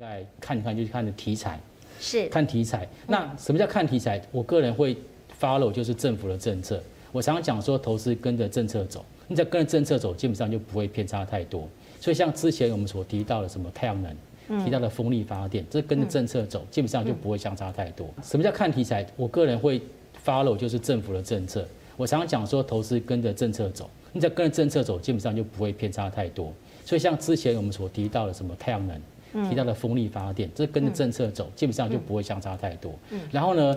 再看看就是看題材，是看題材、嗯。那什麼叫看題材？我個人會 follow 就是政府的政策。我常常講說，投資跟着政策走，你在跟着政策走，基本上就不會偏差太多。所以像之前我們所提到的什麼太陽能、嗯，提到的風力發電，這、就是、跟着政策走、嗯，基本上就不會相差太多。什麼叫看題材？我個人會 follow 就是政府的政策。我常常講說，投資跟着政策走，你在跟着政策走，基本上就不會偏差太多。所以像之前我們所提到的什麼太陽能。提到的風力發電，這跟着政策走，基本上就不會相差太多。然後呢，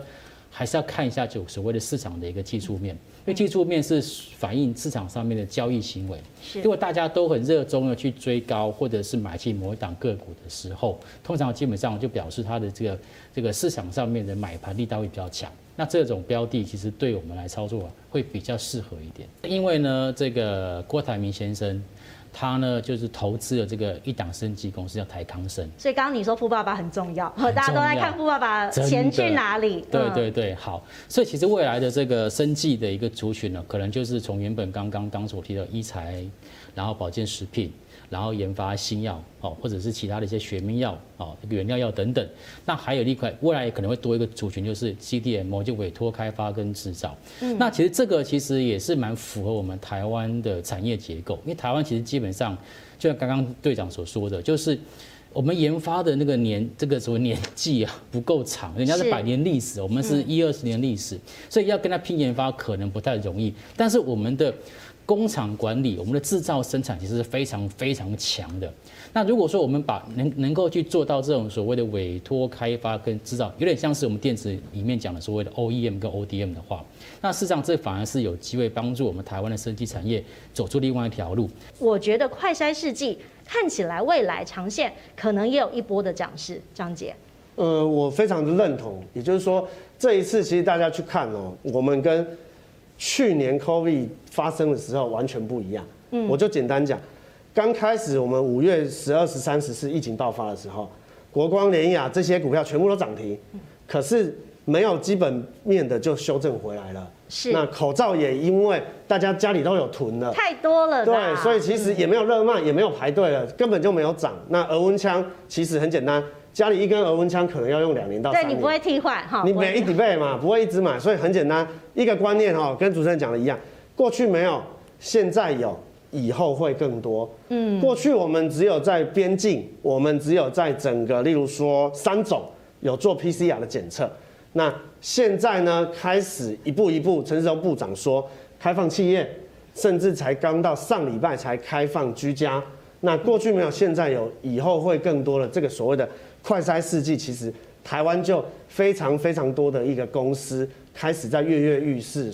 還是要看一下就所謂的市場的一個技術面，因為技術面是反映市場上面的交易行為。如果大家都很熱衷的去追高，或者是買進某一檔個股的時候，通常基本上就表示它的這個這個市場上面的買盤力道會比較強。那這種標的其實對我們來操作會比較適合一點，因為呢，這個郭台銘先生。他呢，就是投資了這個一檔生技公司，叫台康生。所以剛剛你說富爸爸很重要，大家都在看富爸爸錢去哪裡？對對對，好。所以其實未來的這個生技的一個族群呢，可能就是從原本剛剛當所提到醫材，然後保健食品，然後研發新藥哦，或者是其他的一些學名藥哦、原料藥等等。那還有一塊，未來也可能會多一個族群，就是 CDMO 就委託開發跟製造。嗯、那其實這個其實也是蠻符合我們台灣的產業結構，因為台灣其實基本上，就像剛剛隊長所說的，就是。我們研發的那個年，這個什麼年紀啊，不夠長。人家是百年歷史，我們是一二十年歷史，所以要跟他拼研發可能不太容易。但是我們的工廠管理，我們的制造生產其實是非常非常強的。那如果說我們把能能夠去做到這種所謂的委托開發跟制造，有點像是我們電子裡面講的所謂的 OEM 跟 ODM 的話，那事實上這反而是有機會幫助我們台灣的生技產業走出另外一條路。我覺得快篩試劑。看起來未來長線可能也有一波的漲勢。張捷，呃，我非常的認同，也就是說，這一次其實大家去看哦、喔，我們跟去年 COVID 發生的時候完全不一樣。嗯，我就簡單講，剛開始我們五月十二、十三、十四疫情爆發的時候，國光、聯亞這些股票全部都漲停，可是。沒有基本面的就修正回來了，是那口罩也因為大家家裡都有囤了，太多了，對，所以其實也沒有熱賣、嗯，也沒有排隊了，根本就沒有漲。那額溫槍其實很簡單，家裡一根額溫槍可能要用兩年到三年，對，你不會替換哈、哦，你每一底備嘛不，不會一直買，所以很簡單，一個觀念哈、哦，跟主持人講的一樣，過去沒有，現在有，以後會更多。嗯，過去我們只有在邊境，我們只有在整個，例如說三種有做 PCR 的檢測。那現在呢？開始一步一步，陳時中部長說開放企業，甚至才剛到上禮拜才開放居家。那過去沒有，現在有，以後會更多的這個所謂的快篩試劑，其實台灣就非常非常多的一個公司開始在躍躍欲試。